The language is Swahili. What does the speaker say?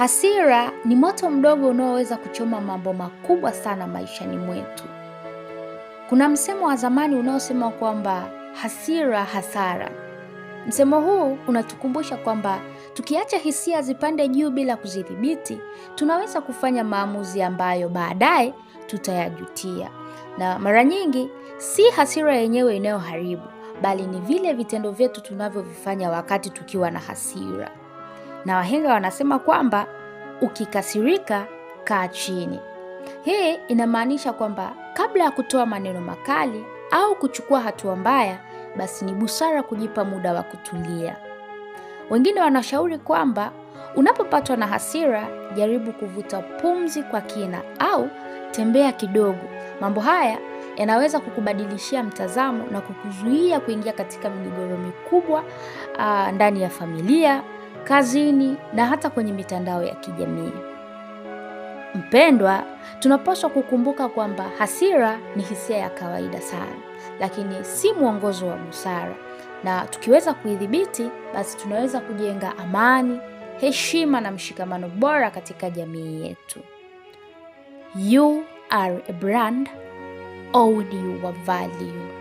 Hasira ni moto mdogo unaoweza kuchoma mambo makubwa sana maishani mwetu. Kuna msemo wa zamani unaosema kwamba hasira hasara. Msemo huu unatukumbusha kwamba tukiacha hisia zipande juu bila kuzidhibiti, tunaweza kufanya maamuzi ambayo baadaye tutayajutia. Na mara nyingi si hasira yenyewe inayoharibu, bali ni vile vitendo vyetu tunavyovifanya wakati tukiwa na hasira. Na wahenga wanasema kwamba Ukikasirika, kaa chini. Hii inamaanisha kwamba kabla ya kutoa maneno makali au kuchukua hatua mbaya, basi ni busara kujipa muda wa kutulia. Wengine wanashauri kwamba unapopatwa na hasira, jaribu kuvuta pumzi kwa kina au tembea kidogo. Mambo haya yanaweza kukubadilishia mtazamo na kukuzuia kuingia katika migogoro mikubwa ah, ndani ya familia kazini na hata kwenye mitandao ya kijamii. Mpendwa, tunapaswa kukumbuka kwamba hasira ni hisia ya kawaida sana, lakini si mwongozo wa busara, na tukiweza kuidhibiti, basi tunaweza kujenga amani, heshima na mshikamano bora katika jamii yetu. You are a brand, own your value.